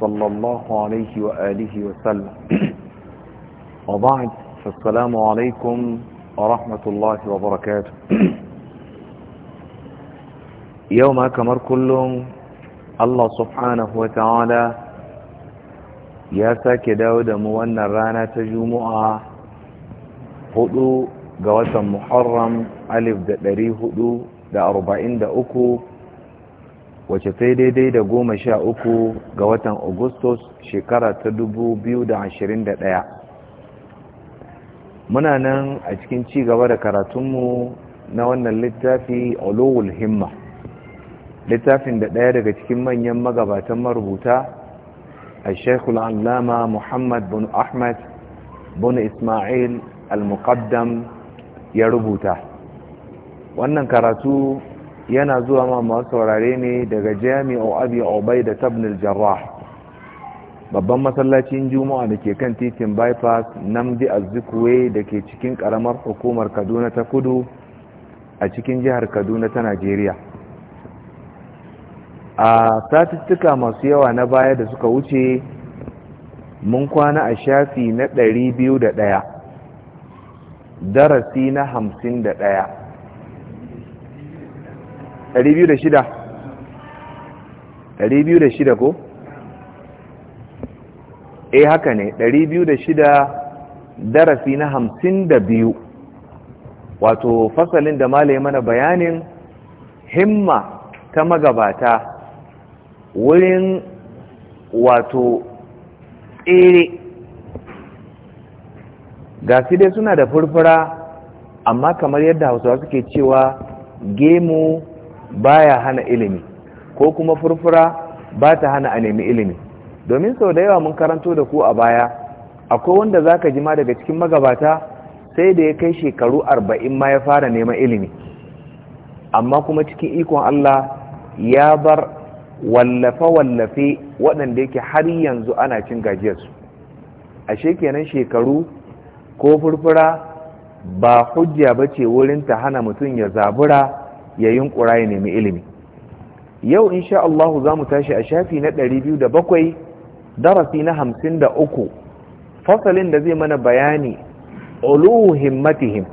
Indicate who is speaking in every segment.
Speaker 1: صلى الله عليه وآله وسلم وبعد فالسلام عليكم ورحمة الله وبركاته يوم أكمر كلهم الله سبحانه وتعالى يا ساكي داود موانا رانا تجمع هدو جواسا محرم ألف دريه هدو دا أربعين دا أكو wace sai daidai da goma sha uku ga watan augustus shekara ta dubu biyu da ashirin da ɗaya muna nan a cikin ci gaba da karatunmu na wannan littafi olowul himma littafin da ɗaya daga cikin manyan magabatan marubuta a shekul allama muhammad bin ahmad bin ismail al-muqaddam ya rubuta wannan karatu yana zuwa ma masaurare saurare ne daga jami'o abi obai da tabnil jarrah babban masallacin juma'a da ke kan titin bypass namdi azikwe da ke cikin karamar hukumar kaduna ta kudu a cikin jihar kaduna ta najeriya a statistika masu yawa na baya da suka wuce mun kwana a shafi na 201 darasi na 51 206 ko e haka ne 206 darasi na 52 wato fasalin da malaye mana bayanin himma ta magabata wurin wato tsere ga su dai suna da furfura amma kamar yadda hausawa suke cewa gemu baya hana ilimi ko kuma furfura ba ta hana a nemi ilimi domin sau da yawa mun karanto da ku a baya akwai wanda za ka jima daga cikin magabata sai da ya kai shekaru arba'in ma ya fara neman ilimi amma kuma cikin ikon Allah ya bar wallafe-wallafe waɗanda yake har yanzu ana cin gajiyarsu ashe kenan shekaru ko furfura ba hujja ba ce wurin ta hana mutum ya zabura ya yunkura ya nemi ilimi yau insha Allah za mu tashi a shafi na 207 darasi na 53 fasalin da zai mana bayani uluhu himmatihim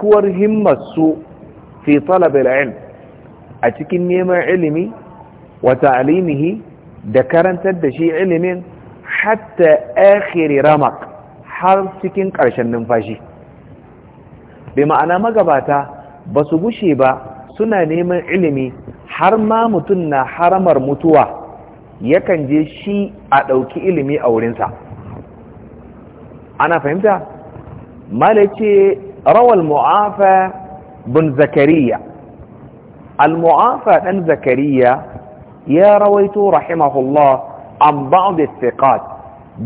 Speaker 1: kuwar himmatsu fi talabil ilm a cikin neman ilimi wa ta'alimihi da karantar da shi ilimin hatta akhiri ramak har cikin ƙarshen numfashi bi ma'ana magabata ba su gushe ba suna neman ilimi har ma mutum na haramar mutuwa yakan je shi a ɗauki ilimi a wurinsa ana fahimta malace rawal mu'afa bin zakariya al-mu'afa ɗan zakariya ya rawaito rahimahullah an ba'd istiqat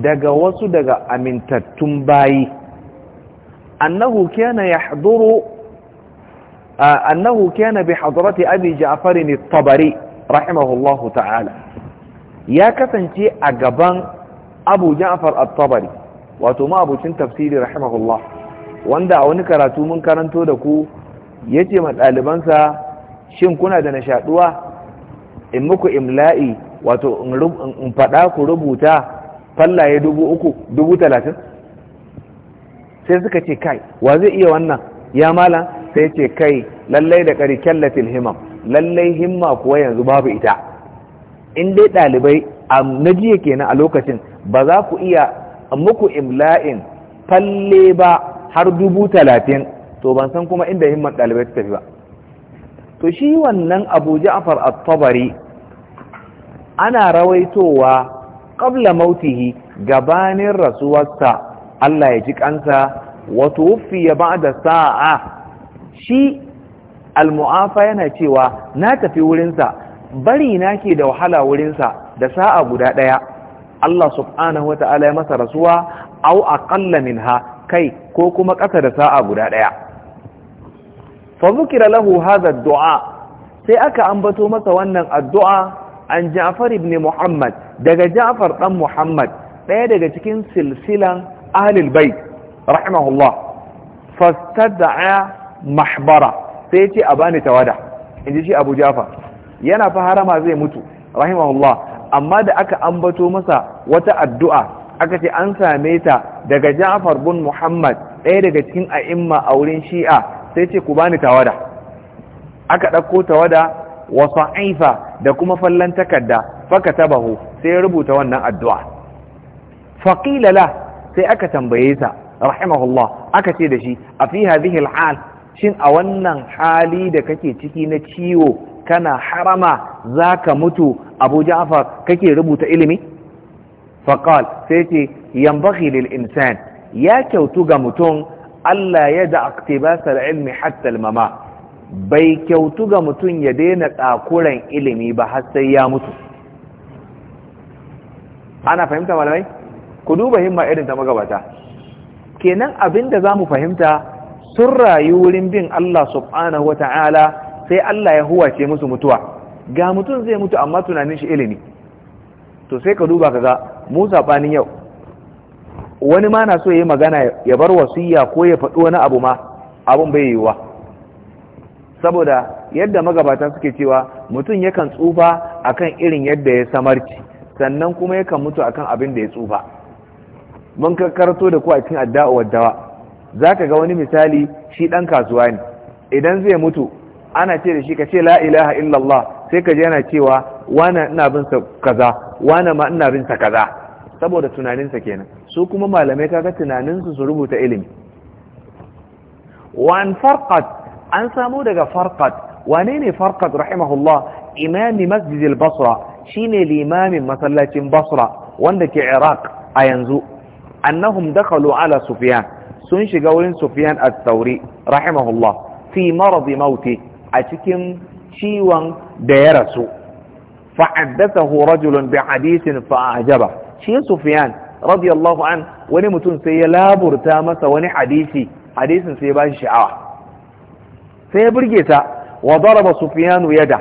Speaker 1: daga wasu daga amintattun bayi annahu kana yahduru أنه كان بحضرة أبي جعفر الطبري رحمه الله تعالى يا كتنشي أقبان أبو جعفر الطبري وتما أبو شن تفسيري رحمه الله وأن دعوني كراتو من كرنتو دكو يتم الألبانسا شين كنا دنشاتوا إمكو إملائي muku imla'i wato in faɗa ku rubuta fallaye dubu uku dubu talatin sai suka ce kai wa zai iya wannan ya malam sai ce kai lallai da ƙari kyallatin himam lallai himma kuwa yanzu babu ita in dai ɗalibai a najiya kenan a lokacin ba za ku iya muku imla'in falle ba har dubu talatin to ban san kuma inda himman ɗalibai ta tafi ba to shi wannan abu ja'far at-tabari ana rawaitowa qabla mautihi gabanin rasuwarsa Allah ya ji kansa wa tuwfiya ba'da sa'a shi almu'afa yana cewa na tafi wurinsa bari na ke da wahala wurinsa da sa'a guda ɗaya Allah subhanahu wa ta'ala ya masa rasuwa au aqalla minha kai ko kuma ƙasa da sa'a guda ɗaya fa zukira lahu hadha ad-du'a sai aka ambato masa wannan addu'a an Ja'far ibn Muhammad daga Ja'far dan Muhammad ɗaya daga cikin silsilan ahlul bait rahimahullah fastad'a mahbara sai ya ce a bani tawada Inji shi abu jafa yana fa harama zai mutu rahimahullah amma da aka ambato masa wata addu'a aka ce an same ta daga jafar bin muhammad ɗaya daga cikin a'imma a wurin shi'a sai ce ku bani tawada aka ɗauko tawada wa sa'ifa da kuma fallon takarda faka tabahu sai ya rubuta wannan addu'a faƙila sai aka tambaye sa rahimahullah aka ce da shi a fi hadhihi al'al shin a wannan hali da kake ciki na ciwo kana harama za ka mutu abu ja'far kake rubuta ilimi faƙal sai ce yambaghi lil insan ya kyautu ga mutum Allah ya da aktibasar ilmi hatsal mama bai kyautu ga mutum ya daina tsakuran ilimi ba har sai ya mutu ana fahimta malamai ku duba himma irin ta magabata kenan abin da za mu fahimta sun rayu wurin bin Allah subhanahu Ta'ala, sai Allah ya huwace musu mutuwa ga mutum zai mutu amma tunanin shi ilimi to sai ka duba kaga Musa banin yau wani ma na so yayi magana ya bar wasiya ko ya faɗi wani abu ma abun bai yiwuwa saboda yadda magabata suke cewa mutum yakan tsufa akan irin yadda ya samarci sannan kuma yakan mutu akan abin da ya tsufa mun karkarto da ku a cikin addu'a wa dawa za ka ga wani misali shi ɗan kasuwa ne idan zai mutu ana ce da shi ka ce la ilaha illallah sai ka je yana cewa wana ina bin sa kaza wana ma ina bin sa kaza saboda tunaninsa kenan su kuma malamai kaga tunaninsu su rubuta ilimi wan farqat an samu daga farqat wane ne farqat rahimahullah imami masjid al-basra shine limamin masallacin basra wanda ke iraq a yanzu annahum dakhalu ala sufyan sun shiga wurin sufiyan a sauri rahimahullah fi marad mauti a cikin ciwon da ya rasu fa hu rajulun bi hadithin fa shi sufiyan radiyallahu an wani mutum sai ya laburta masa wani hadisi hadisin sai ya bashi sha'awa sai ya burge ta wa daraba Sufyanu yada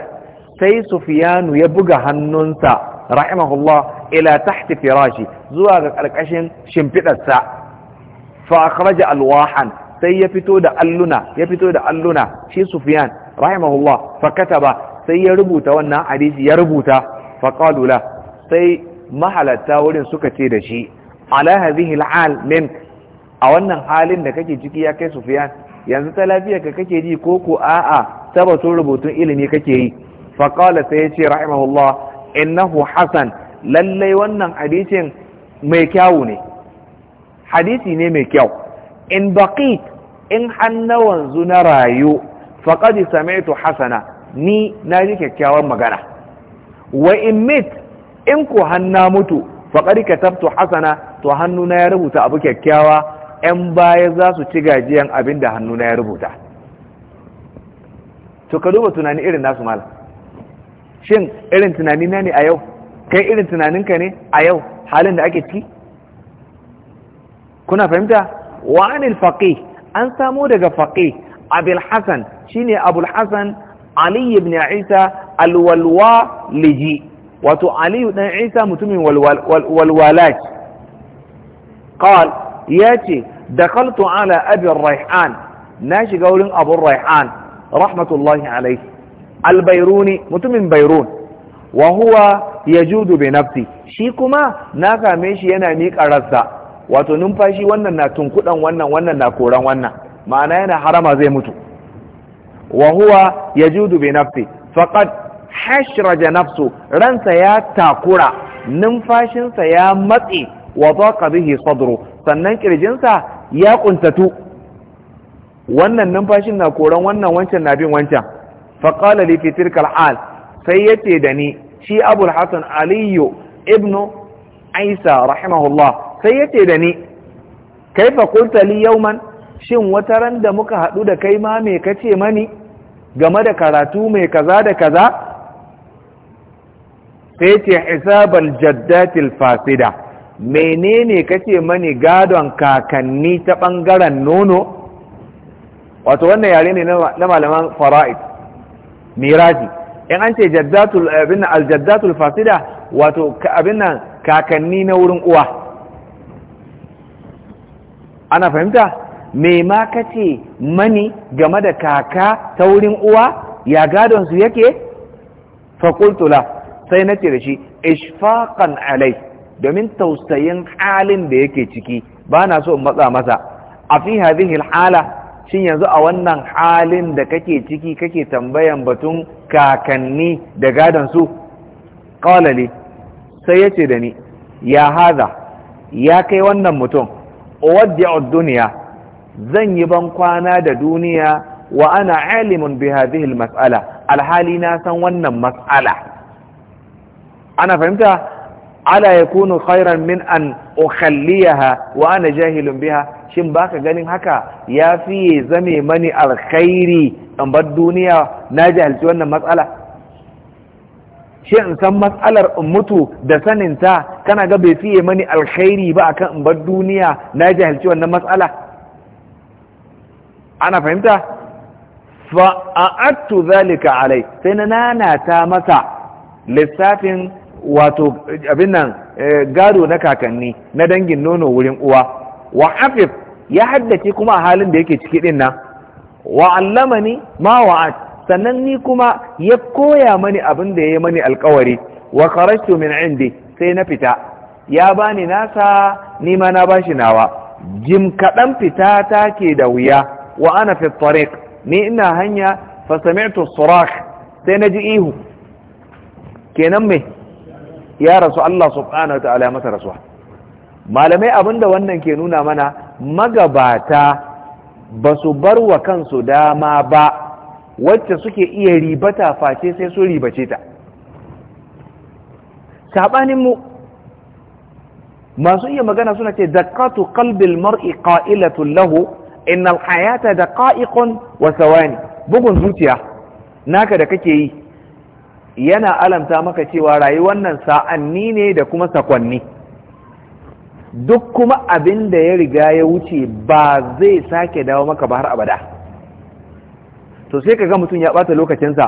Speaker 1: sai sufiyanu ya buga hannunsa rahimahullah ila tahti firashi zuwa ga karkashin shimfidarsa fa akhraja alwahan sai ya fito da alluna ya fito da alluna shi sufyan rahimahullah fa kataba sai ya rubuta wannan hadisi ya rubuta fa sai mahalarta wurin suka ce da shi ala hadhihi al'al min a wannan halin da kake ciki ya kai sufyan yanzu ta lafiya ka kake ji ko ku a'a tabbatun rubutun ilimi kake yi fa sai ya ce rahimahullah innahu Hassan lallai wannan hadisin mai kyawu ne hadisi ne mai kyau in baqit in an na rayu faqad sami'tu hasana ni na ji kyakkyawan magana wa in mit in ku hanna mutu faqad katabtu hasana to na ya rubuta abu kyakkyawa 'yan baya za su ci gajiyan abin da na ya rubuta to ka duba tunani irin nasu mal shin irin tunani na ne a yau kai irin tunaninka ne a yau halin da ake ciki kuna fahimta wa anil faqih an samo daga faqih abul hasan shine abul hasan ali ibn isa alwalwa liji wato ali dan isa mutumin walwalaj qal yace dakhaltu ala abi raihan na shiga wurin abu raihan rahmatullahi alayhi albairuni mutumin bairun wa huwa yajudu bi nafsi shi kuma na same shi yana miƙa rassa wato numfashi wannan na tunkudan wannan wannan na koran wannan ma'ana yana harama zai mutu wa huwa yajudu bi nafsi faqad hashraja nafsu ransa ya takura numfashinsa ya matse wa bihi sadru sannan kirjinsa ya kuntatu wannan numfashin na koran wannan wancan na bin wancan faqala li fi tilka al sai yace da ni shi abul hasan aliyu ibnu aisa rahimahullah sai yace da ni kaifa qulta li yawman shin wata ran da muka haɗu da kai ma me kace mani game da karatu mai kaza da kaza sai ce hisabal jaddatil fasida menene kace mani gadon kakanni ta bangaren nono wato wannan yare ne na malaman fara'id miraji in an ce jaddatul abin aljaddatul fasida wato abin nan kakanni na wurin uwa ana fahimta me ma ka ce mani game da kaka ta wurin uwa ya gadon su yake fakultula sai na ce da shi ishfaqan alai domin tausayin halin da yake ciki ba na so in matsa masa a fi hadhihi hala shin yanzu a wannan halin da kake ciki kake tambayan batun kakanni da gadon su qala sai yace da ni ya haza ya kai wannan mutum a duniya, zan yi ban kwana da duniya wa ana alimun bi hadhihi almas'ala alhali na san wannan mas'ala ana fahimta ala yakunu khairan min an ukhalliha wa ana jahilun biha shin baka ganin haka ya fiye zame mani alkhairi in bar duniya na jahilci wannan matsala shi in san matsalar in mutu da saninta kana ga bai fiye mani alkhairi ba akan in bar duniya na jahilci wannan matsala ana fahimta Fa fa'attu zalika alai sai na nanata masa lissafin wato abin nan eh, gado na kakanni na dangin nono wurin uwa wa hafif ya haddace kuma a halin da yake ciki din nan wa allamani ma wa'at sannan ni kuma ya koya mani abin da ya mani alkawari wa kharajtu min indi sai na fita ya bani nasa ni ma na bashi nawa jim kadan fita take da wuya wa ana fi tariq ni ina hanya fa sami'tu sai na ji ihu kenan me ya rasu Allah subhanahu masa rasuwa malamai abinda wannan ke nuna mana magabata ba su bar wa kansu dama ba wacce suke iya ribata face sai su ribace ta saɓaninmu masu iya magana suna ce zakatu kalbil mar'i qa'ilatun lahu innal hayata daqa'iqun wa sawani bugun zuciya naka da kake yi yana alamta maka cewa rayuwar nan sa'anni ne da kuma sakwanni duk kuma abin da ya riga ya wuce ba zai sake dawo maka ba har abada to sai ka ga mutum ya ɓata lokacinsa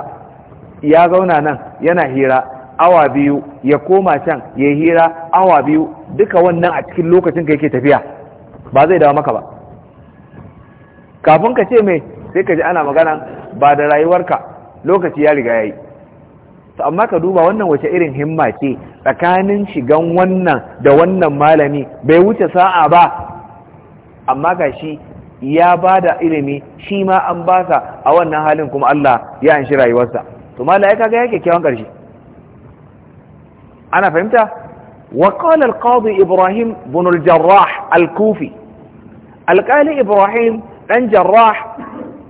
Speaker 1: ya zauna nan yana hira awa biyu ya koma can ya hira awa biyu duka wannan a cikin lokacin ka yake tafiya ba zai dawo maka ba kafin ka ce mai sai ka ji ana magana ba da rayuwarka lokaci ya riga ya yi to amma ka duba wannan wace irin himma ce tsakanin shigan wannan da wannan malami bai wuce sa'a ba amma ga shi ya bada ilimi shi ma an basa a wannan halin kuma Allah ya anshi rayuwarsa to mala ya kaga ya kyakkyawan karshe ana fahimta wa qala al-qadi ibrahim ibn al-jarrah al-kufi alqali ibrahim dan jarrah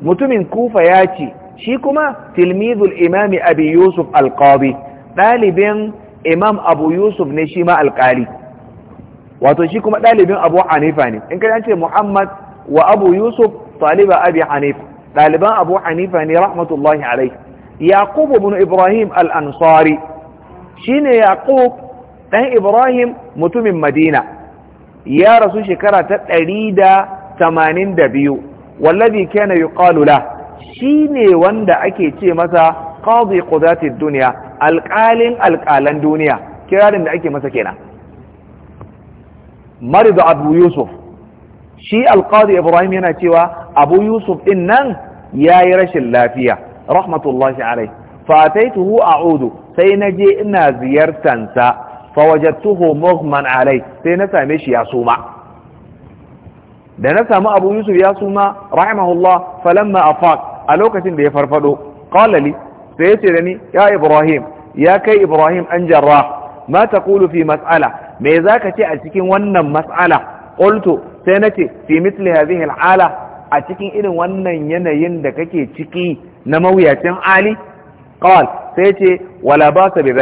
Speaker 1: mutumin kufa ya ce shi kuma tilmizul imam abi yusuf al-qadi dalibin imam abu yusuf ne shi ma alqali wato shi kuma dalibin abu hanifa ne in kai an ce muhammad wa abu yusuf taliba abi hanif ɗaliban abu hanifa ne rahmatullahi alai yaqub ibn ibrahim al-ansari shine yaqub dan ibrahim mutumin madina ya rasu shekara ta ɗari da tamanin da biyu wallazi kana yuqalu la shine wanda ake ce masa qadi qudati duniya alƙalin alƙalan duniya kirarin da ake masa kenan maridu abu yusuf shi alqadi ibrahim yana cewa abu yusuf din nan yi rashin lafiya rahmatullahi alai fataituhu udu sai na je ina ziyartansa fawajadtuhu mughman alai sai na same shi ya suma da na samu abu yusuf ya suma rahimahullah falamma afaq a lokacin da ya farfado qala li sai yace da ni ya ibrahim ya kai ibrahim an jarrah ma taqulu fi mas'ala me zaka ce a cikin wannan mas'ala qultu sai nace fi mitli hadhihi al'ala a cikin irin wannan yanayin da kake ciki na mawuyacin ali qal sai ce wala ba basa bi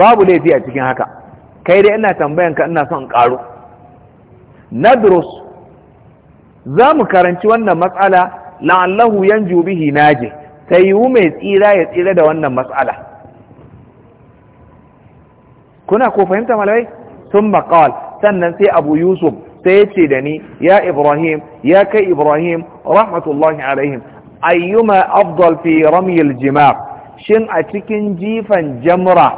Speaker 1: babu laifi a cikin haka kai dai ina tambayan ka ina son karo nadrus za mu karanci wannan matsala la'allahu yanju bihi naji sai yiwu mai tsira ya tsira da wannan matsala kuna ko fahimta malamai sun maƙawal sannan sai abu yusuf sai ya ce da ni ya ibrahim ya kai ibrahim rahmatullahi alaihim ayyuma afdal fi ramyil jimar shin a cikin jifan jamra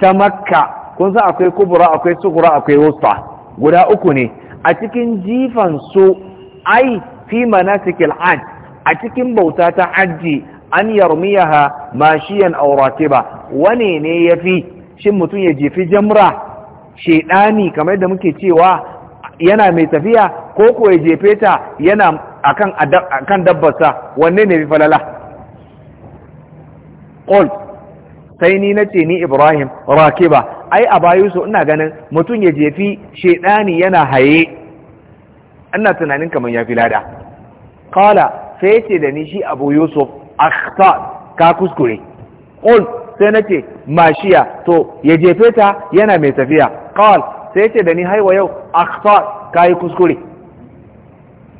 Speaker 1: ta makka kun san akwai kubura akwai sugura akwai wusta guda uku ne a cikin jifan su ai fi manasikil hajj a cikin bauta ta hajji an yarmiyaha mashiyan auratiba wane ne yafi shin mutum ya jifi jamra shedani kamar da muke cewa yana mai tafiya ko kuwa ya jefe ta yana akan akan dabbarsa wanne ne fi falala ƙol sai ni na ce ni Ibrahim ba. ai a so ina ganin mutum ya jefi shedani yana haye ina tunanin kamar ya fi lada kala sai ce da ni shi Abu Yusuf akhta ka kuskure ƙol sai nace mashiya to ya jefe ta yana mai tafiya kawal sai ce da ni haiwa yau akhta kai kuskure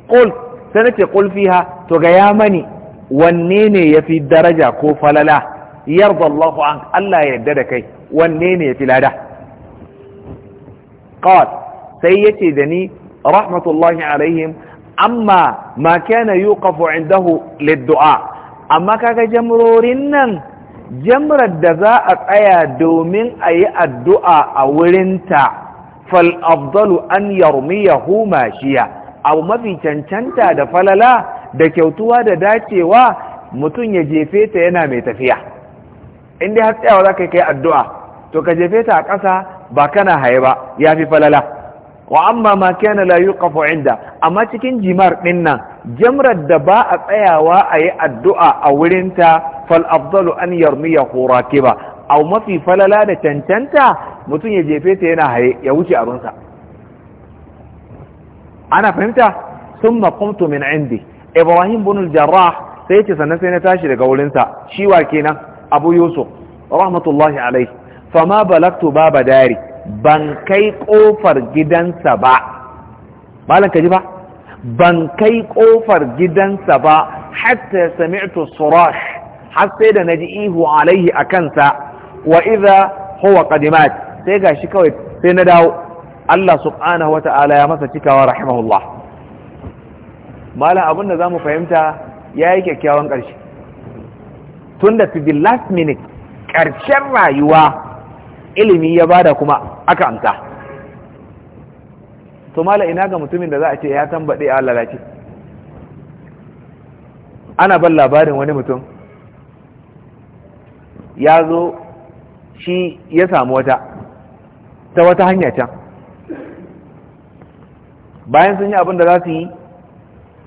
Speaker 1: Ƙul sai nace qul fiha to ga ya mani wanne ne yafi daraja ko falala yarda Allahu an Allah ya yarda da kai wanne ne yafi lada qal sai yace da ni rahmatullahi alaihim amma ma kana yuqafu indahu lid-du'a amma kaga jamrorin nan jamrar da za a tsaya domin a yi addu'a a wurinta fal'abdalu an huma shiya abu mafi cancanta da falala da kyautuwa da dacewa mutum ya jefe ta yana mai tafiya in dai har tsayawa za ka kai addu'a to ka jefe ta a ƙasa ba kana haye ba ya fi falala wa amma ma kyanala yi yuqafu inda amma cikin jimar ɗin nan jamrar da ba a tsayawa a yi addu'a a wurinta fal afdalu an yarmiya ko ba a mafi falala da cancanta mutum ya jefe ta yana haye ya wuce abinsa ana fahimta sun makumtu min indi ibrahim bin jarrah sai ce sannan sai na tashi daga wurinsa shi wa kenan abu yusuf rahmatullahi alai fama balaktu baba dari ban kai kofar gidansa ba malam ka ji ba ban kai ƙofar gidansa ba hatta sami'tu surash har sai da na ji ihu alaihi a kansa wa idha huwa qadimat sai gashi kawai sai na dawo Allah subhanahu ya masa cikawa rahimahullah malam abin da zamu fahimta yayi kyakkyawan ƙarshe tun da the last minute ƙarshen rayuwa ilimi ya bada kuma aka amsa to mala ina ga mutumin da za a ce ya tambaɗe a lalace ana ban labarin wani mutum ya zo shi ya samu wata ta wata hanya can bayan sun yi abin da za su yi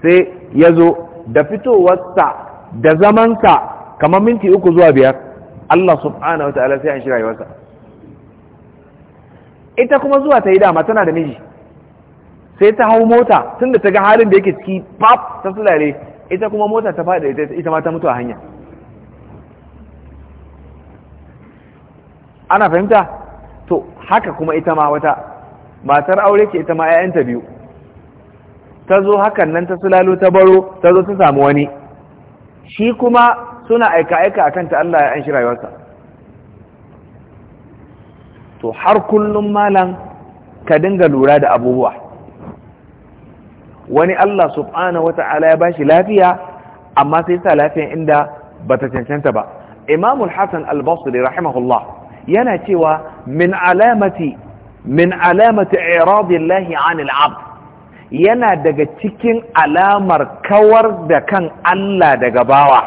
Speaker 1: sai ya zo da fitowarsa da zamansa kamar minti uku zuwa biyar Allah subhanahu wa ta'ala sai an shi wasa ita kuma zuwa ta yi dama tana da miji sai ta hau mota tunda ta ga halin da yake ciki pap ta sulale ita kuma mota ta faɗi ita ma ta mutu a hanya ana fahimta to haka kuma ita ma wata matar aure ke ita ma 'ya'yanta biyu ta zo hakan nan ta sulalo ta baro ta zo ta samu wani shi kuma suna aika-aika a kanta Allah ya an shi rayuwarsa to har kullum malam ka dinga lura da abubuwa wani Allah wa ta'ala ya bashi lafiya amma sai sa lafiyan inda bata cancanta ba imamul hasan al-basri rahimahullah yana cewa min alamati min alamati iradillahi anil abd yana daga cikin alamar kawar da kan Allah daga bawa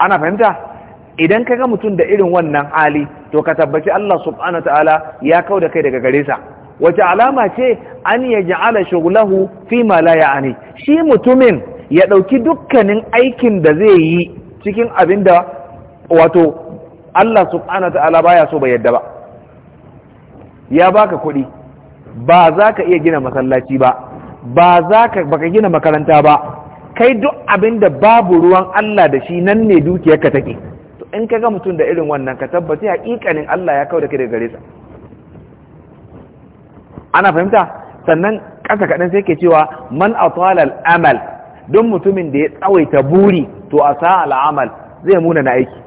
Speaker 1: ana fahimta idan kaga mutum da irin wannan hali to ka tabbaci Allah wa ta'ala ya kauda kai daga gare sa wace alama ce an ya ja'ala Shugulahu fi ma la ya'ani shi mutumin ya ɗauki dukkanin aikin da zai yi cikin abin da wato Allah subhanahu ta'ala baya so ba yadda ba ya baka kuɗi ba za ka iya gina masallaci ba ba za ka baka gina makaranta ba kai duk abin da babu ruwan Allah da shi nan ne dukiyarka take to in ka ga mutum da irin wannan ka tabbata hakikanin Allah ya kauda kai daga gare sa ana fahimta sannan ƙasa kaɗan sai ke cewa man atala amal don mutumin da ya tsawaita buri to a sa al'amal zai muna na aiki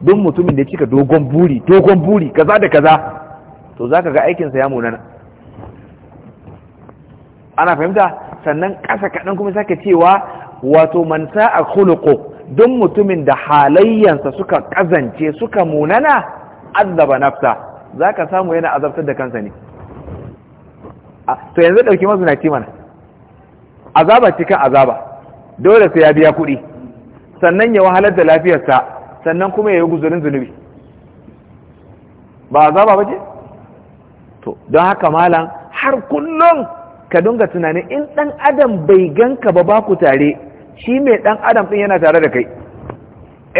Speaker 1: don mutumin da ya cika dogon buri dogon buri kaza da kaza to zaka ga aikinsa ya munana ana fahimta sannan ƙasa kaɗan kuma sake cewa wato man sa'a khuluqu don mutumin da halayyansa suka kazance suka munana azaba nafsa zaka samu yana azabtar da kansa ne to yanzu ɗauki mazinaci mana azaba cikin azaba dole sai ya biya kuɗi sannan ya wahalar da lafiyarsa sannan kuma ya yi guzurin zunubi ba azaba ba ce to don haka malam har kullum ka dunga tunanin in ɗan adam bai ganka ba ba ku tare shi mai ɗan adam ɗin yana tare da kai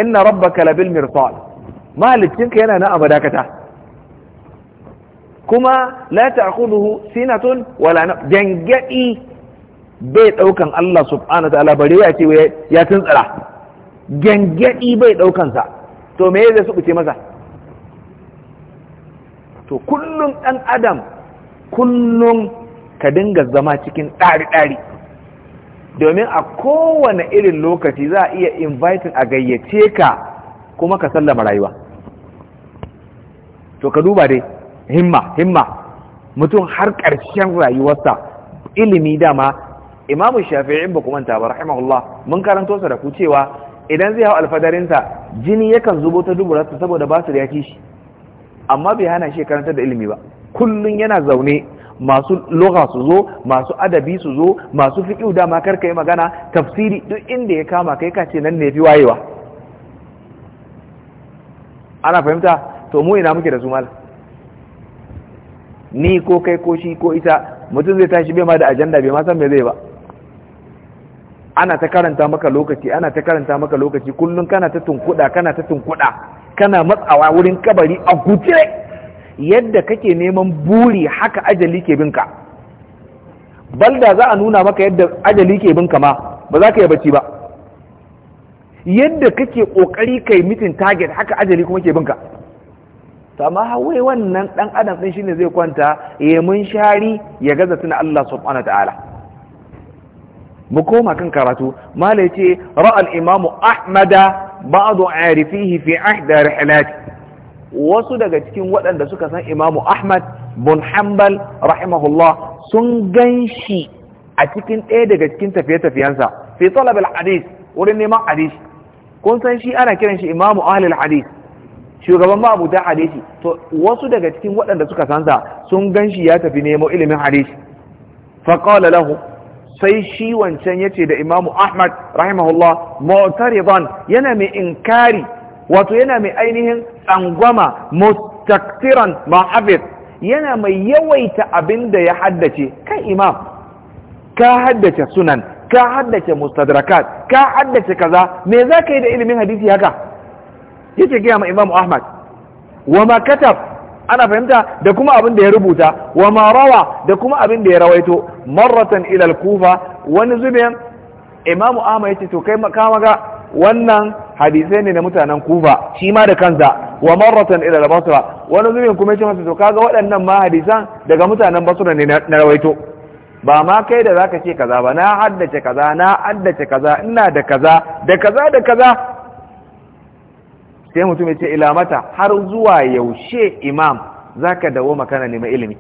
Speaker 1: inna rabbaka kalabil mirfal mahalicinka yana nan a dakata kuma la ta'khudhuhu sinatun wala jangadi bai daukan Allah subhanahu ta'ala bare ya ce ya tuntsara Gengedi bai daukan sa to me zai subuce masa to kullum dan adam kullum ka dinga zama cikin ɗari ɗari domin a kowane irin lokaci za a iya inviting a gayyace ka kuma ka sallama rayuwa to ka duba dai himma himma mutum har ƙarshen rayuwarsa ilimi dama imamu shafi'i ba kuma ba rahimahullah mun karanto sa da ku cewa idan zai hau alfadarinsa jini yakan zubo ta duburarsa saboda ba su da yaki shi amma bai hana shi karantar da ilimi ba kullum yana zaune masu lugha su zo masu adabi su zo masu fiƙi dama kar ka yi magana tafsiri duk inda ya kama kai ka ce nan ne fi wayewa ana fahimta to mu ina muke da su mal ni ko kai ko shi ko ita mutum zai tashi bai ma da ajanda bai ma san me zai ba ana ta karanta maka lokaci ana ta karanta maka lokaci kullum kana ta tunkuda kana ta tunkuda kana matsawa wurin kabari a guje yadda kake neman buri haka ajali ke binka balda za a nuna maka yadda ajali ke binka ma ba za ka yi bacci ba yadda kake kokari kai mitin target haka ajali kuma ke binka Sama amma hawai wannan dan adam ɗin shine zai kwanta ya mun shari ya gaza tuna Allah subhanahu ta'ala mu koma kan karatu mala yace ra'a al-imam ahmada ba'du arifihi fi ahda rihlati wasu daga cikin waɗanda suka san imamu ahmad bin hanbal rahimahullah sun gan shi a cikin ɗaya daga cikin tafiye-tafiyensa fi talab al-hadith wurin neman hadith kun san shi ana kiran shi imamu ahli al-hadith shugaban ma'abuta hadisi to wasu daga cikin waɗanda suka sansa sun gan shi ya tafi nemo ilimin hadisi faƙala lahu sai shi wancan ya ce da imamu ahmad rahimahullah mu'taridan yana mai inkari wato yana mai ainihin tsangwama mustaktiran ma'abid yana mai yawaita abin da ya haddace kan imam ka haddace sunan ka haddace mustadrakat ka haddace kaza me za ka yi da ilimin hadisi haka yake gaya ma imamu ahmad wa ma katab ana fahimta da kuma abin da ya rubuta wa ma rawa da kuma abin da ya rawaito marratan ila al-kufa wani zubin imamu ahmad yace to kai ka ga wannan hadisai ne na mutanen kufa shi ma da kansa wa marratan ila al-basra wani zubin kuma yace masa to kaga waɗannan ma hadisan daga mutanen basra ne na rawaito ba ma kai da zaka ce kaza ba na haddace kaza na haddace kaza ina da kaza da kaza da kaza sai mutum ya ce ila mata har zuwa yaushe imam zaka dawo makana nema ilimi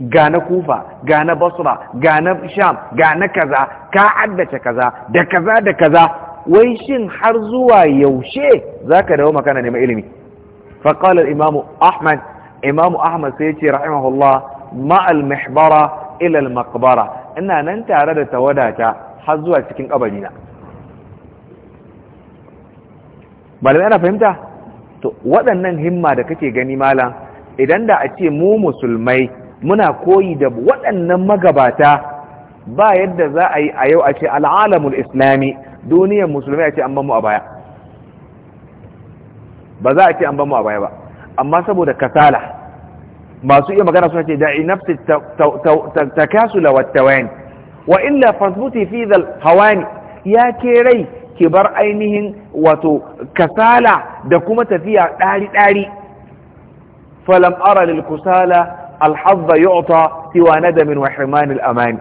Speaker 1: ga na kufa ga na basra ga na sham ga na kaza ka addace kaza da kaza da kaza wai shin har zuwa yaushe zaka dawo makana nema ilimi fa qala imam ahmad imam ahmad sai yace rahimahullah ma al mihbara ila al ina nan tare da tawadata har zuwa cikin kabarina malamai ana fahimta to waɗannan himma da kake gani malam idan da a ce mu musulmai muna koyi da waɗannan magabata ba yadda za a yi a yau a ce al'alamul islami duniyar musulmai a ce an ban mu a baya ba za a ce an ban mu a baya ba amma saboda kasala masu iya magana suna ce da'i nafsi takasula wattawayan wa illa fasbuti fi zal hawani ya ke rai ki bar ainihin wato kasala da kuma tafiya ɗari-ɗari falam ara lil kusala alhazza yu'ta siwa nadamin wa hirman al-amani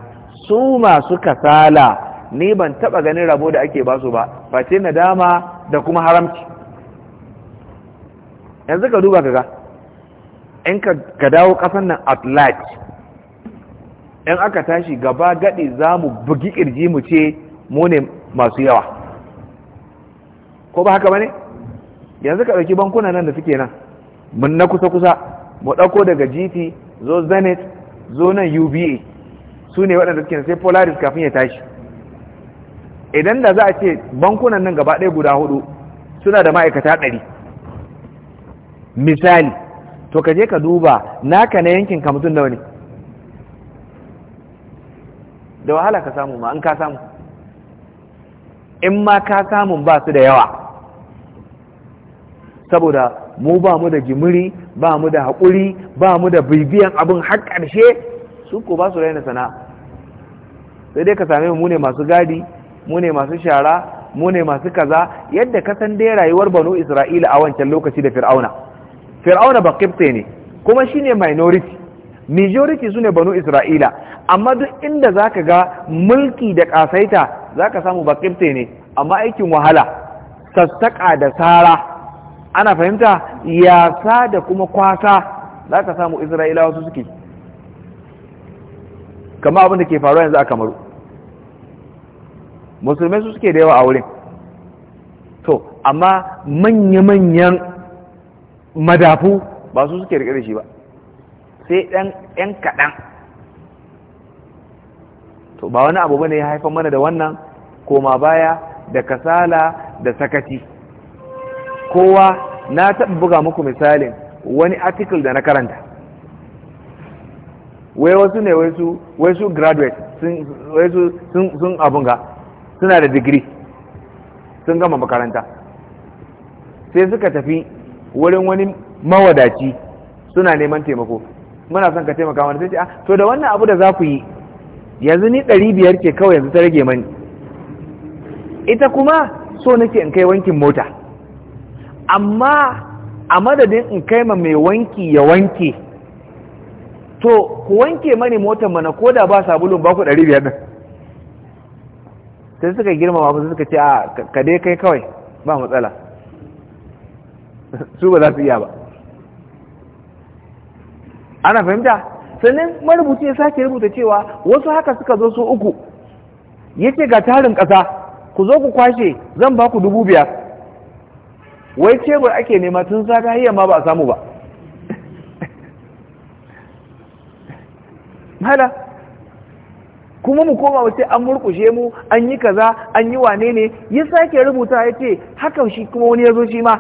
Speaker 1: su masu kasala ni ban taba ganin rabo da ake basu ba face nadama da kuma haramci yanzu ka duba kaga in ka dawo kasan nan at in aka tashi gaba gadi za mu bugi kirji mu ce mu ne masu yawa ko ba haka bane yanzu ka ɗauki bankuna nan da suke nan mun na kusa kusa mu ɗauko daga GT zo Zenith zo nan UBA su ne waɗanda suke sai Polaris kafin ya tashi idan da za a ce bankunan nan gaba ɗaya guda hudu suna da ma'aikata ɗari misali to ka je ka duba naka na yankin ka mutum nawa ne da wahala ka samu ma in ka samu in ma ka samun ba su da yawa saboda mu ba mu da jimiri ba mu da haƙuri ba mu da bibiyan abin har ƙarshe su ko ba su raina sana sai dai ka same mu ne masu gadi mu ne masu shara mu ne masu kaza yadda ka san dai rayuwar banu isra'ila a wancan lokaci da fir'auna fir'auna ba kifte ne kuma shine minority majority su ne banu isra'ila amma duk inda za ka ga mulki da ƙasaita za ka samu ba kifte ne amma aikin wahala sassaƙa da sara ana fahimta yasa da kuma kwasa za ka samu isra'ilawa su suke kama abin da ke faruwa yanzu a kamaru musulmai su suke da yawa a wurin to amma manya-manyan madafu ba su suke rike da shi ba sai ɗan kaɗan to ba wani abu bane ya haifar mana da wannan koma baya da kasala da sakati. kowa na taɓa buga muku misalin wani article da na karanta wai wasu ne wai su graduate sun abunga suna da digiri sun gama makaranta sai suka tafi wurin wani mawadaci suna neman taimako muna son ka taimaka mana sai ce ah to da wannan abu da za ku yi yanzu ni ɗari biyar ke kawai yanzu ta rage mani ita kuma so nake in kai wankin mota amma a madadin in kai ma mai wanki ya wanke to ku wanke mani motar mana ko da ba sabulun ba ku ɗari biyar nan sai suka girmama ba suka ce a ka dai kai kawai ba matsala su ba za su iya ba ana fahimta sannan marubuci ya sake rubuta cewa wasu haka suka zo su uku ya ce ga tarin ƙasa ku zo ku kwashe zan ba ku dubu biyar wai tebur ake nema tun sata hiyar ma ba a samu ba kuma mu koma wace an murkushe mu an yi kaza an yi wane ne ya sake rubuta ya ce haka shi kuma wani ya zo shi ma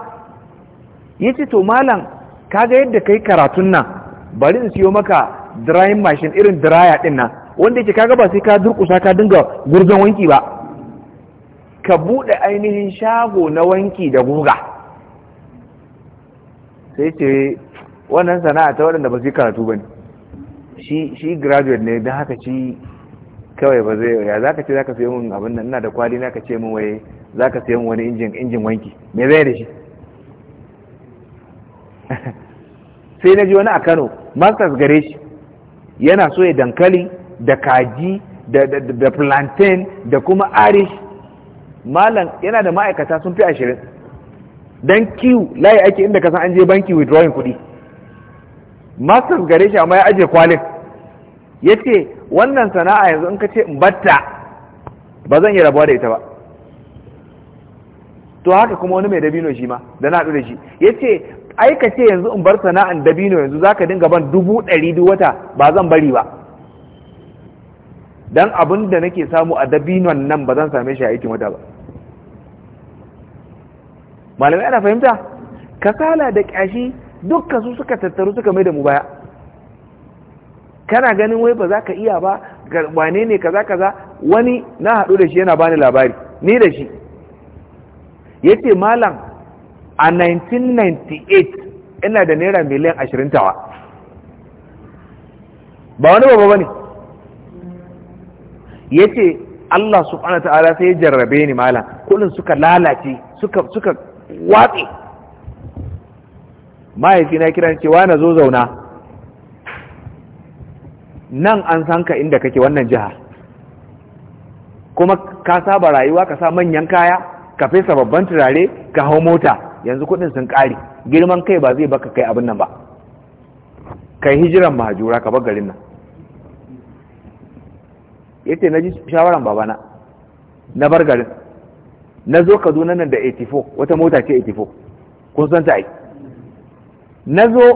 Speaker 1: ya ce to malam kaga yadda kai karatun nan bari in siyo maka drying machine irin dryer din nan wanda yake kaga ba sai ka durkusa ka dinga gurgan wanki ba ka buɗe ainihin shago na wanki da guga sai ce wannan sana'a ta waɗanda ba su yi karatu ba ne shi graduate ne don haka ci kawai ba zai ya za ka ce za ka siya mun abin nan ina da kwali na ka ce mun waye za ka siya mun wani injin wanki me zai da shi sai na ji wani a kano masters gare shi yana so ya dankali da kaji da plantain da kuma arish malam yana da ma'aikata sun fi ashirin dan kiwu layi ake inda ka san an je banki withdrawing kuɗi masters gare shi amma ya aje kwalin ya ce wannan sana'a yanzu in ka ce batta ba zan yi rabuwa da ita ba to haka kuma wani mai dabino shi ma da na da shi ya ce ai yanzu in bar sana'an dabino yanzu za ka dinga ban dubu ɗari duk wata ba zan bari ba don abin da nake samu a dabinon nan ba zan same shi a aikin wata ba malamai ana fahimta kasala da ƙyashi dukkan su suka tattaru suka mai da mu baya kana ganin wai ba za ka iya ba wane ne kaza kaza wani na haɗu da shi yana bani labari ni da shi yace ce malam a 1998 ina da naira miliyan ashirin tawa ba wani babba ba ne ya ce Allah subhanahu ta'ala sai ya jarrabe ni malam kullum suka lalace suka watsi mahaifi na kiran cewa na zo zauna nan an san ka inda kake wannan jiha kuma ka saba rayuwa ka sa manyan kaya ka fesa babban turare ka hau mota yanzu kudin sun kare girman kai ba zai baka kai abin nan ba kai hijiran mahajura ka bar garin nan yace na ji shawaran babana na bar garin na zo kaduna nan da 84 wata mota ce 84 kun san ta ai na zo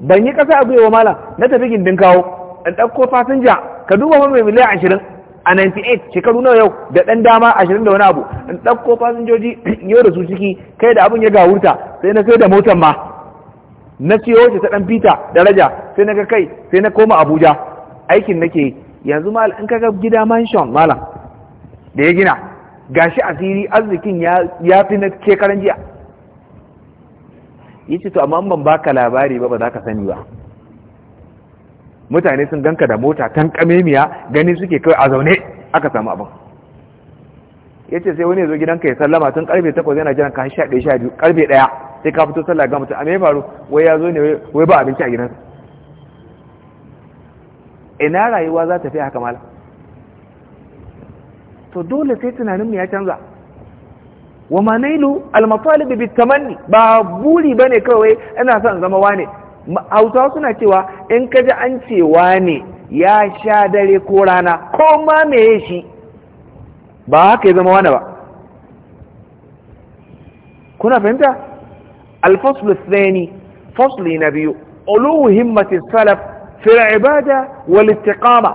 Speaker 1: ban yi kasa abu yawa malam na tafi gindin kawo in ɗauko fasinja ka duba mai miliyan ashirin a 98 shekaru nawa yau da ɗan dama ashirin da wani abu in ɗauko fasinjoji yau da su ciki kai da abin ya gawurta sai na sai da motar ma na ce wace ta ɗan fita daraja sai na ga kai sai na koma abuja aikin nake yanzu mal in kaga gida mansion malam da ya gina gashi asiri arzikin ya fi na shekaran jiya ce to amma ban baka labari ba ba za ka sani ba mutane sun ganka da mota tan kamemiya gani suke kai a zaune aka samu abin Ya ce sai wani ya zo gidanka ya sallama tun karfe takwas yana jiran ka ɗaya sha biyu karfe ɗaya, sai ka fito sallah ga mutum a me faru wai ya zo ne wai ba abinci a gidansa ina rayuwa za ta fi haka malam to dole sai tunaninmu ya canza wa ma nailu almatalib bi ba buri bane kawai ina son zama wane hausawa suna cewa in ka ji an ce wane ya sha dare ko rana ko ma meye shi ba haka ya zama wane ba kuna fahimta alfaslu thani fasli na biyu ulu himmatin salaf fil ibada wal istiqama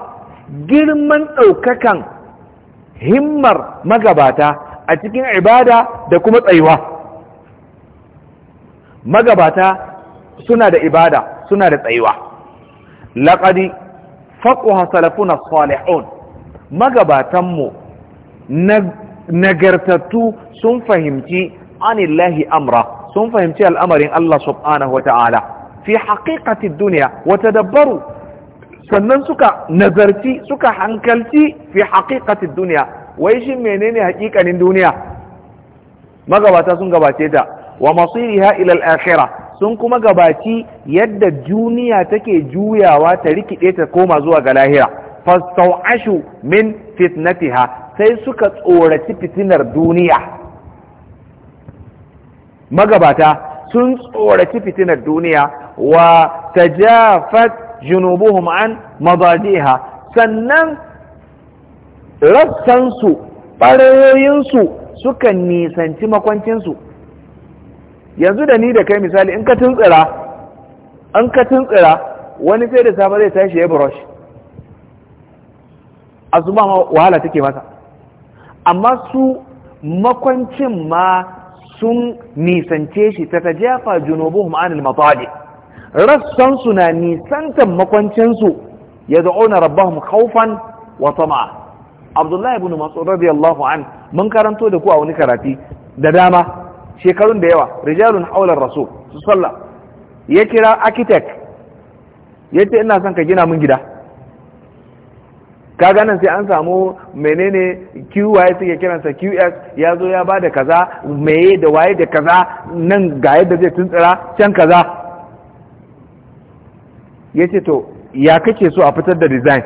Speaker 1: girman daukakan himmar magabata a cikin ibada da kuma tsayuwa magabata suna da ibada suna da tsayuwa laqadi faqaha salafuna salihun magabatanmu nagartattu sun fahimci anillahi amra sun fahimci al'amarin Allah subhanahu ta'ala fi haƙiƙatin duniya wata dabbaru sannan suka nazarci suka hankalci fi haƙiƙatin duniya wai shi menene haƙiƙanin duniya magabata sun gabace ta wa masiriha ilal akhirah sun kuma gabaci yadda duniya take juyawa ta rikide ta koma zuwa ga lahira fastau'ashu min fitnatiha sai suka tsoraci fitinar duniya magabata sun tsoraci fitinar duniya wa tajafat junubuhum an mazajiha sannan rassansu ɓarayoyinsu suka nisanci makwancinsu yanzu da ni da kai misali in ka tuntsira in ka tuntsira wani sai da safe zai tashi ya brush asuba ma wahala take masa amma su makwancin ma sun nisance shi ta jafa junubuhum anil matadi rassansu na nisan makwancinsu ya da'una rabbahum khawfan wa tama'a abdullahi ibn mas'ud radiyallahu an mun karanto da ku a wani karati da dama shekarun da yawa rijalun haular rasul su salla ya kira architect yace ina son ka gina mun gida kaga nan sai an samu menene QY suke kiransa QS ya zo ya bada kaza meye da waye da kaza nan ga yadda zai tuntsira can kaza ya ce to ya kake so a fitar da design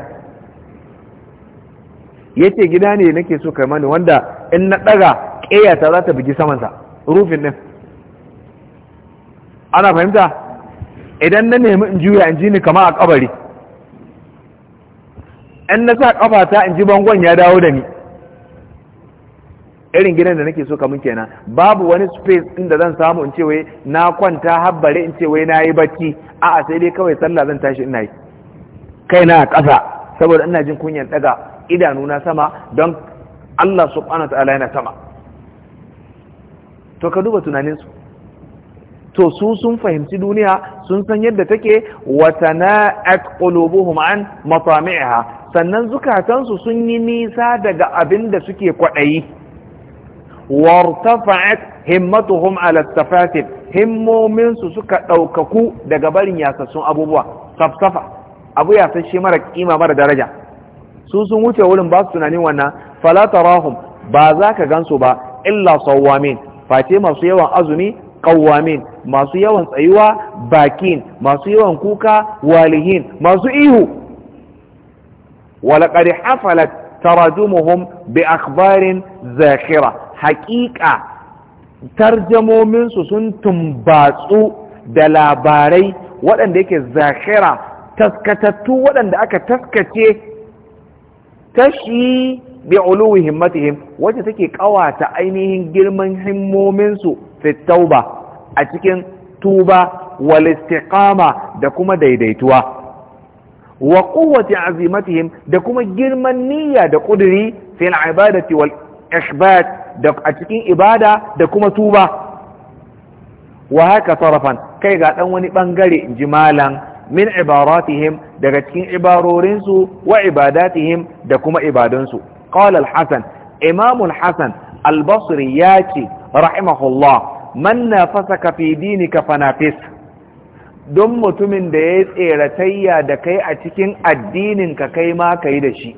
Speaker 1: ya ce gida ne nake so kai mani wanda in na ɗaga ƙeyata za ta bugi samansa rufin ɗin ana fahimta idan na nemi in juya in ji ni kama a ƙabari. in na sa ƙafata in ji bangon ya dawo da ni irin gidan da nake so kamun kenan babu wani space inda zan samu in ce wai na kwanta habbare in ce wai na yi bacci a'a sai dai kawai sallah zan tashi ina yi kai na ƙasa saboda ina jin kunyan daga idanuna sama don Allah subhanahu wa ta'ala yana sama to ka duba tunaninsu to su sun fahimci duniya sun san yadda take watana'at qulubuhum an matami'iha sannan zukatansu sun yi nisa daga abin da suke kwaɗayi wartafa'at himmatuhum ala tafatif himmomin suka ɗaukaku daga barin yasassun abubuwa safsafa abu yasashe mara kima mara daraja su sun wuce wurin basu tunanin wannan fala tarahum ba za ka gansu ba illa sawwamin face masu yawan azumi qawwamin masu yawan tsayuwa bakin masu yawan kuka walihin masu ihu ولقد حفلت تراجمهم akbarin زاخرة haƙiƙa tarjamominsu sun tumbatsu da labarai waɗanda yake zahira, taskatattu waɗanda aka taskace tashi bi uluwi himmatihim wacce take ƙawata ainihin girman himmominsu fitauba a cikin tuba wal da kuma daidaituwa wa quwwati azimatihim da kuma girman niyya da ƙuduri fil ibadati wal ikhbat da a cikin ibada da kuma tuba wa haka sarafan kai ga dan wani bangare jimalan min ibaratihim daga cikin ibarorinsu wa ibadatihim da kuma ibadunsu qala al-hasan imam al-hasan al-basri yace rahimahullah man nafasaka fi dinika fanafis don mutumin da ya tseratayya da kai a cikin addinin ka kai ma kai da shi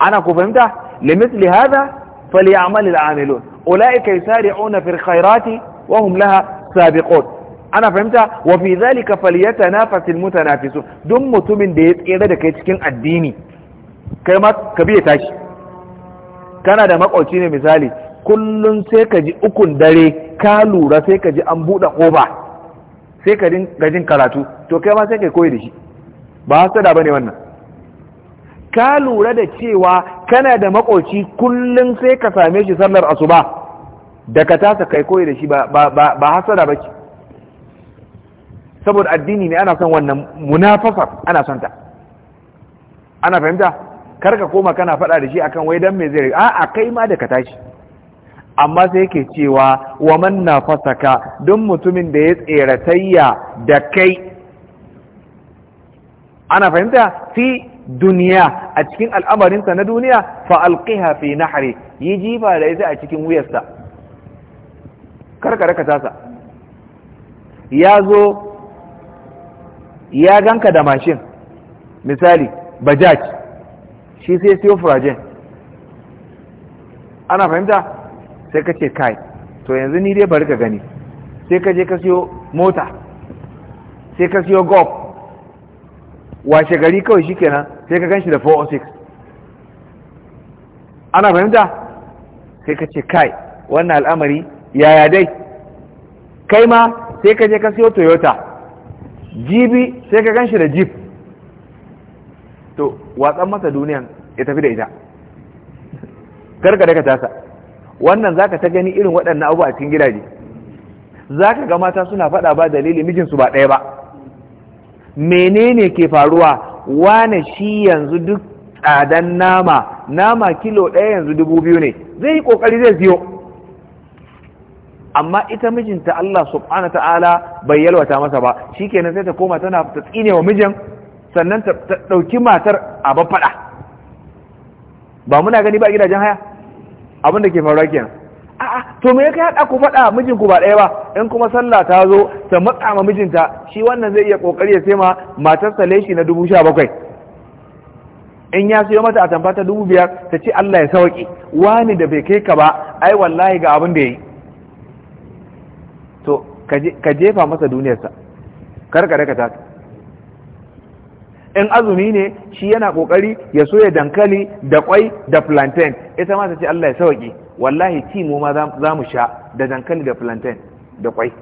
Speaker 1: ana ku fahimta لمثل هذا فليعمل العاملون أولئك يسارعون في الخيرات وهم لها سابقون أنا فهمتها وفي ذلك فليتنافس المتنافسون دم متمن ديت إذا إيه دكي تكين الديني كلمات كبيرة تاشي كان دا مقعوشين مثالي kullum sai ka ji ukun dare ka lura sai ka ji an buɗe ƙofa sai ka jin karatu to kai ma sai ka koyi da shi ba hasada bane wannan ka lura da cewa kana da makoci kullum sai ka same shi sallar asuba da ka tasa kai koyi da shi ba hasada ba ki saboda addini ne ana son wannan munafasar ana son ta ana fahimta kar ka koma kana faɗa da shi akan wai dan me zai a a kai ma da ka tashi amma sai yake cewa wa man nafasaka don mutumin da ya tsere tayya da kai ana fahimta fi duniya a cikin al'amarinsa na duniya fa alqiha fi nahri yi jifa da ita a cikin wuyarsa karkare ka tasa ya zo ya ganka da mashin misali bajaj shi sai siyo furajen ana fahimta sai ka ce kai to yanzu ni dai bari ka gani sai ka je ka siyo mota sai ka siyo golf washe gari kawai shikenan sai ka gan shi da 406 ana fahimta sai ka ce kai wannan al'amari yaya dai kai ma sai ka je ka siyo toyota jibi sai ka gan shi da jeep to watsan masa duniyan ya tafi da ita karka daga tasa wannan zaka ta gani irin waɗannan abu a cikin gidaje zaka ga mata suna faɗa ba dalili mijinsu ba ɗaya ba menene ke faruwa wane shi yanzu duk tsadan nama nama kilo ɗaya yanzu dubu biyu ne zai yi ƙoƙari zai siyo amma ita mijinta Allah subhanahu ta'ala bai yalwata masa ba shi kenan sai ta koma tana ta tsine wa mijin sannan ta ɗauki matar a ba faɗa ba muna gani ba gidajen haya abin da ke faruwa kenan a'a to me yake hada ku faɗa mijinku ba ɗaya ba in kuma sallah ta zo ta matsa ma mijinta shi wannan zai iya kokari ya sema matarsa leshi na dubu in ya siyo mata a tamfa ta dubu ta ce Allah ya sauki wani da bai kai ka ba ai wallahi ga abin da yi to ka jefa masa duniyarsa kar ka daka ta in azumi ne shi yana kokari ya soya dankali da kwai da plantain ita ma ta ce Allah ya sauki wallahi ci mu ma za mu sha da dankali da plantain da kwai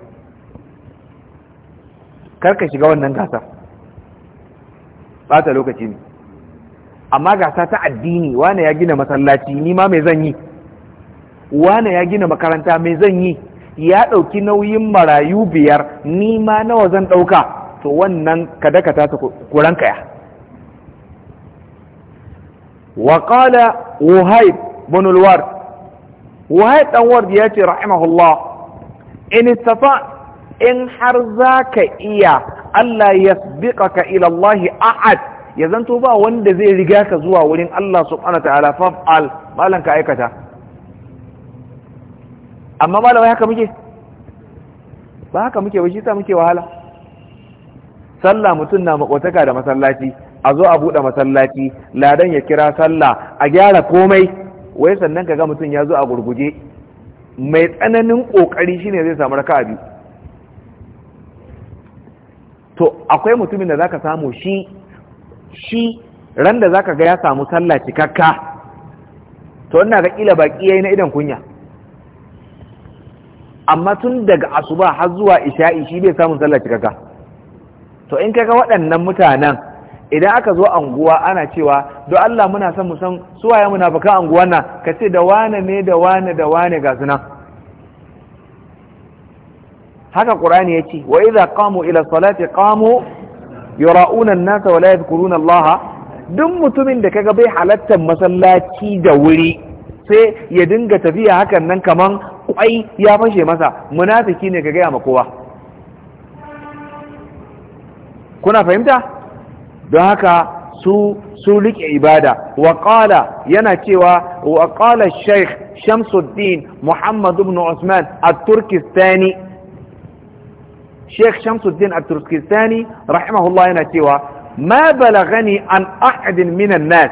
Speaker 1: karka shiga wannan gasa bata lokaci ne amma gasa ta addini wane ya gina masallaci ni ma mai zan yi wane ya gina makaranta mai zan yi ya ɗauki nauyin marayu biyar ni ma nawa zan ɗauka to wannan kada ka tasa kurankaya wa qala wuhaib bin wahai dan ward ya ce rahimahullah in istata in har zaka iya Allah yasbiqaka ila Allah a'ad ya zanto ba wanda zai riga ka zuwa wurin Allah subhanahu ta'ala fa'al malan ka aikata amma malamai haka muke ba haka muke ba shi sa muke wahala sallah mutum na makotaka da masallaci a zo a buɗe masallaci ladan ya kira sallah a gyara komai wai sannan kaga mutum ya zo a gurguje mai tsananin kokari shine zai samu a biyu to akwai mutumin da zaka samu shi shi ran da zaka ga ya samu sallah cikakka to ina ga kila baki yayi na idan kunya amma tun daga asuba har zuwa isha'i shi bai samu sallah cikakka to in kaga waɗannan mutanen idan aka zo anguwa ana cewa don Allah muna son musan suwaye muna baka anguwan nan ka ce da wane ne da wane da wane ga sunan haka qur'ani yace wa idza qamu ila salati qamu yura'una an-nasa wa la yadhkuruna Allah duk mutumin da kaga bai halattar masallaci da wuri sai ya dinga tafiya hakan nan kaman kwai ya fashe masa munafiki ne ka gaya ma kowa kuna fahimta don haka su su rike ibada wa yana cewa wa qala sheikh shamsuddin muhammad ibn usman at-turkistani sheikh shamsuddin at-turkistani rahimahullah yana cewa ma balagani an ahadin minan nas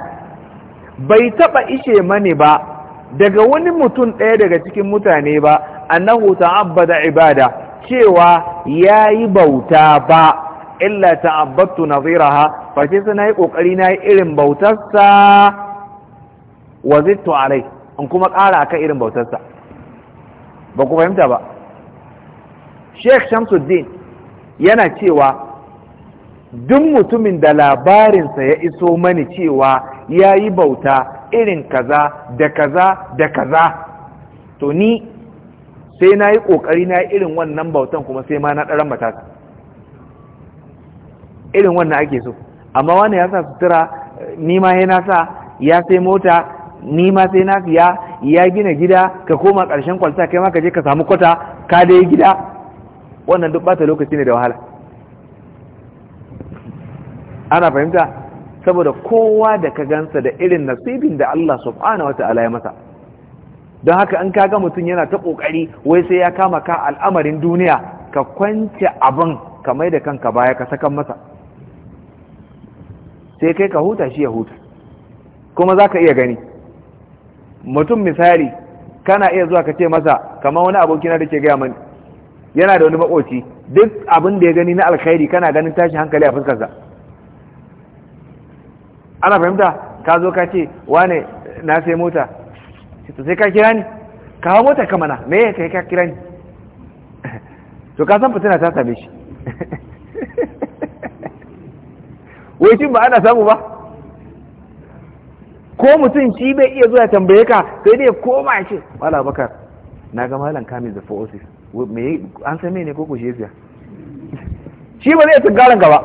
Speaker 1: bai taba ishe mani ba daga wani mutum ɗaya daga cikin mutane ba annahu ta'abbada ibada cewa yayi bauta ba illa ta'abbattu nadhiraha fashe sai kokari nayi irin bautarsa wa alai in kuma ƙara aka irin bautarsa ba ku fahimta ba Sheikh Shamsuddin yana cewa duk mutumin da labarinsa ya iso mani cewa ya yi bauta irin kaza da kaza da kaza to ni sai na yi ƙoƙari na irin wannan bautan kuma sai ma na ɗaran matasa irin wannan ake so amma wani ya sa sutura ni ma nasa ya sai mota ni ma sai na siya ya gina gida ka koma karshen kwalta kai ma ka je ka samu kwata ka dai gida wannan duk bata lokaci ne da wahala ana fahimta saboda kowa da ka gansa da irin nasibin da Allah subhanahu wata'ala ya masa don haka in kaga mutum yana ta kokari wai sai ya kama ka al'amarin duniya ka kwance abin ka mai da kanka baya ka sakan masa sai kai ka huta shi ya huta kuma za ka iya gani mutum misali kana iya zuwa ka ce masa kamar wani abokina da ke gaya mani yana da wani makoci duk abin da ya gani na alkhairi kana ganin tashi hankali a fuskarsa ana fahimta ka zo ka ce wane na sai mota to sai ka kira ni ka hau mota ka mana me ya kai ka kira ni to ka san fitina ta same shi rikicin ba ana samu ba ko mutum shi bai iya zuwa tambaye ka sai dai koma shi wala bakar na ga malam kamin da fa'osis an san ne ko ku shi ya shi ba zai tunkaran ka gaba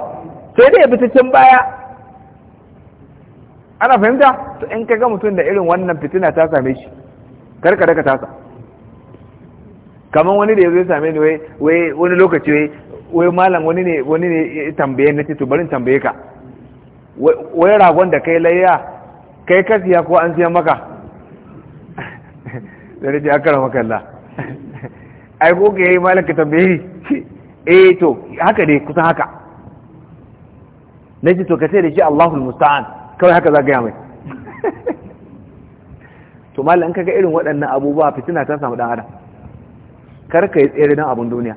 Speaker 1: sai dai ya fitaccen baya ana fahimta to in ka ga mutum da irin wannan fitina ta same shi karka daga tasa kamar wani da ya zai same ni wai wani lokaci wai wai malam wani ne wani ne tambaye na ce to barin tambaye ka wai ragon da kai layya kai ka siya ko an siya maka da rage aka rama kalla ai ko ka yi malaka tambayi eh to haka ne kusan haka na ji to ka sai da shi Allahul musta'an kawai haka za gaya mai to malam in kaga irin waɗannan abubuwa fitina ta samu dan adam kar ka yi tsere dan abun duniya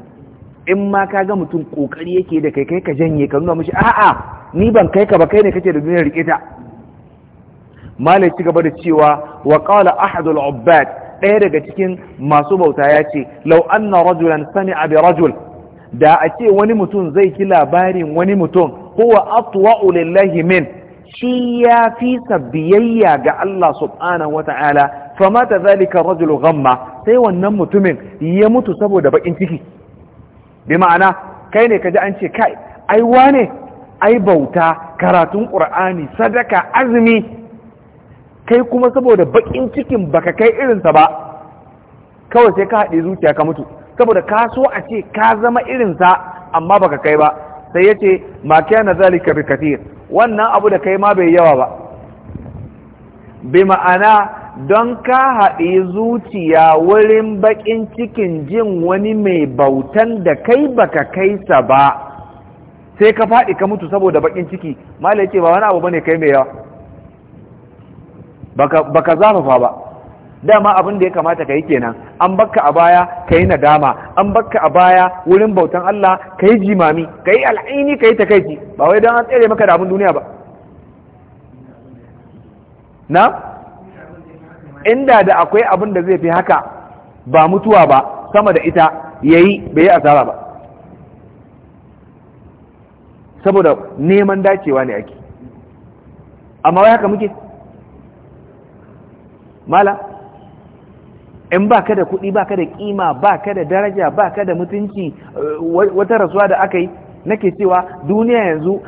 Speaker 1: in ma ka ga mutum kokari yake da kai kai ka janye ka nuna mishi a'a ni ban kai ka ba kai ne kake da duniyar rike ta malai ci gaba da cewa wa qala ahadul ubbad ɗaya daga cikin masu bauta ya ce law anna rajulan sami'a bi rajul da a ce wani mutum zai ki labarin wani mutum huwa atwa'u lillahi min shi ya fi biyayya ga Allah subhanahu wata'ala famata zalika rajul ghamma sai wannan mutumin ya mutu saboda bakin ciki bi ma'ana kai ne kaji an ce kai ai wane ai bauta karatun ƙur'ani sadaka azumi kai kuma saboda baƙin cikin baka kai irinsa ba kawai sai ka haɗe zuciya ka mutu saboda ka so a ce ka zama irinsa amma baka kai ba sai yace ce ma kana zalika bi katir wannan abu da kai ma bai yawa ba bi ma'ana don ka haɗe zuciya wurin baƙin cikin jin wani mai bautan da kai baka sa ba sai ka faɗi ka mutu saboda bakin ciki malai ce ba wani abu bane kai mai yawa ba ka zafafa ba dama abin da ya kamata ka yi kenan an bakka a baya ka yi nadama an bakka a baya wurin bautan Allah ka yi jimami ka yi al'ini ka yi takaici ba wai don an tsere maka da abin duniya ba na inda da akwai abin da zai fi haka ba mutuwa ba sama da ita yayi bai yi asara ba saboda neman dacewa ne ake amma wai haka muke mala in ba ka da kuɗi ba ka da ƙima ba ka da daraja ba ka da mutunci eh, wata rasuwa da aka yi nake cewa duniya yanzu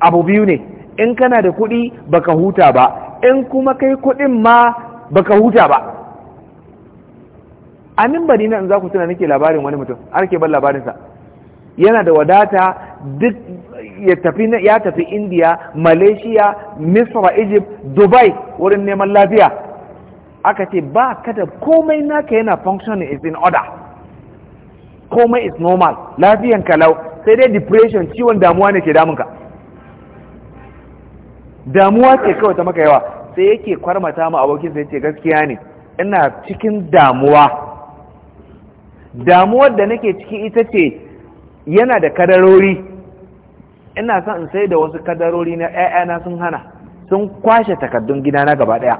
Speaker 1: abu biyu ne in kana da kuɗi baka huta ba in kuma kai kuɗin ma baka huta ba a bari nan za ku tuna nake labarin wani mutum har ke ban labarinsa yana da wadata duk ya tafi indiya tafi Malaysia Misra Egypt Dubai wurin neman lafiya aka ce ba kada komai naka yana functioning is in order komai is normal lafiyan kalau sai dai depression ciwon damuwa ne ke damunka damuwa ce kawai ta maka yawa sai yake kwarmata mu abokin sai ce gaskiya ne ina cikin damuwa damuwar da nake ciki ita ce yana da kadarori ina son in sai da wasu kadarori na ƴaƴana sun hana sun kwashe takardun gidana gaba ɗaya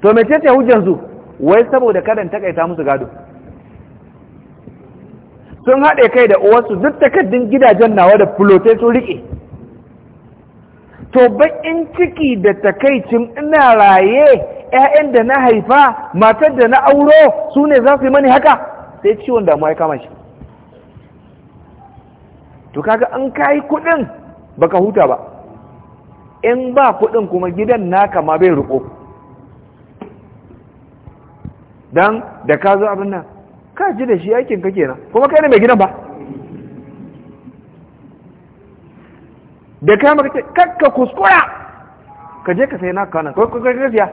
Speaker 1: to mai ce hujjar su wai saboda kadan takaita musu gado sun haɗe kai da uwarsu duk takardun gidajen nawa da fulote sun riƙe to baƙin ciki da takaicin ina raye 'ya'yan da na haifa matar da na auro su ne za su yi mani haka sai ciwon damuwa ya kama shi to kaga an kai kudin baka huta ba in ba kudin kuma gidan naka ma bai ruko dan da ka zo abin nan ka ji da shi yakin ka kenan kuma kai ne mai gidan ba da kai maka ce kakka kuskura ka je ka sai naka nan ko ka siya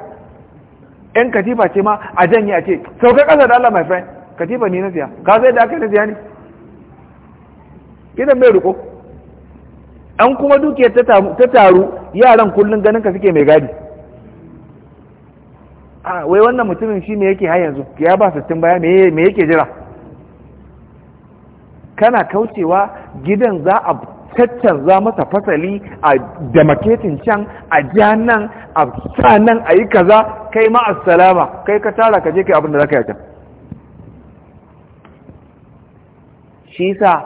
Speaker 1: yan katifa ce ma a janye a ce sauka kasa da Allah my friend katifa ne na siya ka sai da aka na siya ne idan bai riko an kuma dukiyar ta taru yaran kullum ganin ka suke mai gadi a wai wannan mutumin shi ne yake har yanzu ya ba sittin baya me yake jira kana kaucewa gidan za a za masa fasali a damaketin can a janan a sa nan a yi kaza kai ma assalama kai ka tara ka je kai abin da za ka yi can shi sa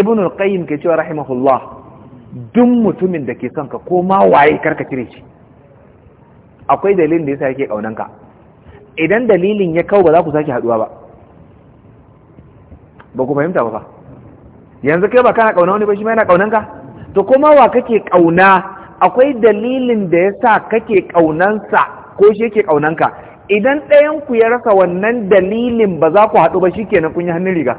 Speaker 1: ibn al-qayyim ke cewa rahimahullah duk mutumin da ke son ka ko ma waye karka cire shi akwai dalilin da yasa yake kaunan ka idan dalilin ya kawo ba za ku sake haduwa ba ba ku fahimta ba fa yanzu kai ba kana kauna wani ba shi ma yana kaunan ka to ma wa kake kauna akwai dalilin da yasa kake sa ko shi yake ka idan ɗayan ku ya rasa wannan dalilin ba za ku haɗu ba shi kenan kun yi hannun riga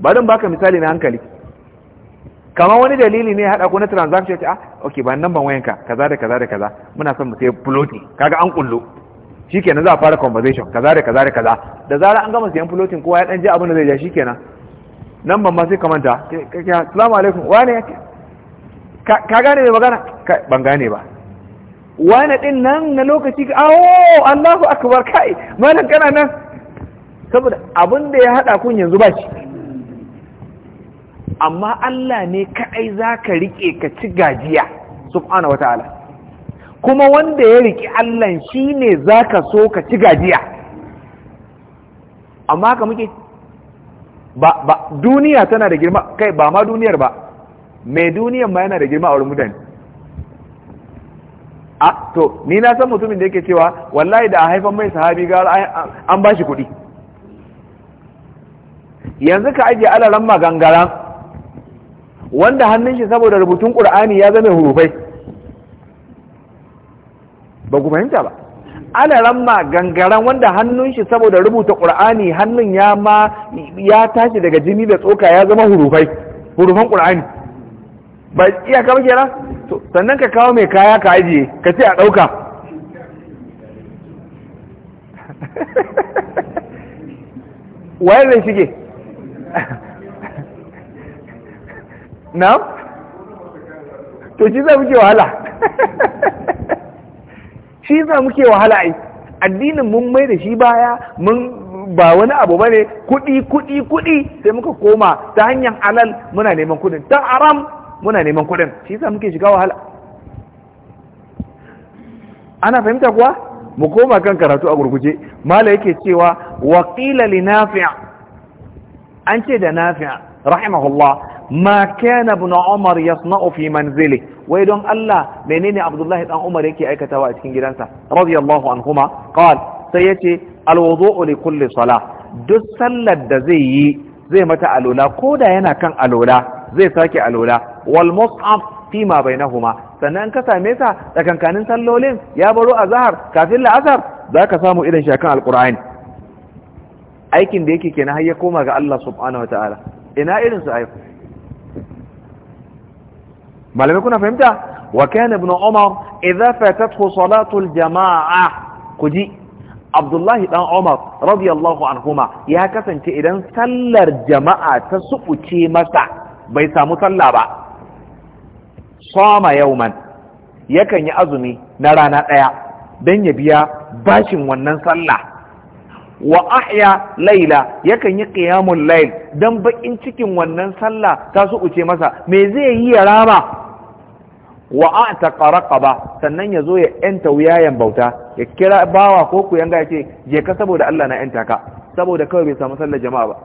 Speaker 1: barin baka misali na hankali kamar wani dalili ne haɗa ko na transaction ce ah okay ba nan ban wayanka kaza da kaza da kaza muna son mu sai floating kaga an kullo shikenan za a fara conversation kaza da kaza da kaza da zara an gama sayan floating kowa ya dan ji abin da zai ja shikenan nan ban ma sai kamanta assalamu alaikum wane yake ka gane mai magana ban gane ba wane din nan na lokaci ka awo Allahu akbar kai malam kana nan saboda abin da ya hada kun yanzu ba shi amma Allah ne kaɗai za ka riƙe ka ci gajiya subhana wa ta'ala kuma wanda ya riƙe Allah shi ne za ka so ka ci gajiya amma ka muke ba, ba duniya tana da girma kai ba ma duniyar ba mai duniyar ma yana da girma a wurin mutane a to ni na san mutumin da yake cewa wallahi da a haifan mai sahabi ga an ba shi kuɗi yanzu ka ajiye alaran magangaran wanda hannun shi saboda rubutun ƙur'ani ya zama hurufai ba ku fahimta ba ana ramma gangaren wanda hannun shi saboda rubuta ƙur'ani hannun ya ma ya tashi daga jini da tsoka ya zama hurufai hurufan ƙur'ani ba iya kama kenan sannan ka kawo mai kaya ka ajiye ka ce a ɗauka wayar zai shige na to shi za muke wahala shi za muke wahala ai addinin mun mai da shi baya mun ba wani abu ba ne kuɗi kuɗi kuɗi sai muka koma ta hanyar alal muna neman kuɗin ta aram muna neman kuɗin shi yasa muke shiga wahala ana fahimta kuwa mu koma kan karatu a gurguje mala yake cewa wa li nafi'a an ce da nafi'a rahimahullah ma kana ibn umar yasna'u fi manzili wai don Allah menene abdullahi dan umar yake aikatawa a cikin gidansa radiyallahu anhuma qal sai yace alwudu'u li kulli salah duk sallar da zai yi zai mata alola ko da yana kan alola zai sake alola wal mus'af fi ma bainahuma sannan ka same sa tsakankanin sallolin ya baro azhar kafin la'asar zaka samu irin shakan alqur'ani aikin da yake kenan har ya koma ga Allah subhanahu ta'ala ina irin su ayyuka malamai kuna fahimta wa kana ibn umar idza fatathu salatul jama'a kuji abdullahi dan umar radiyallahu anhuma ya kasance idan sallar jama'a ta subuce masa bai samu sallah ba soma yauman yakan yi azumi na rana ɗaya don ya biya bashin wannan sallah wa ahya laila yakan yi qiyamul lail dan bakin cikin wannan sallah ta su uce masa me zai yi ya rama wa ataqa raqaba sannan yazo ya yanta wuyayen bauta ya kira bawa ko ku yanga yace je ka saboda Allah na enta ka saboda kawai bai samu sallar jama'a ba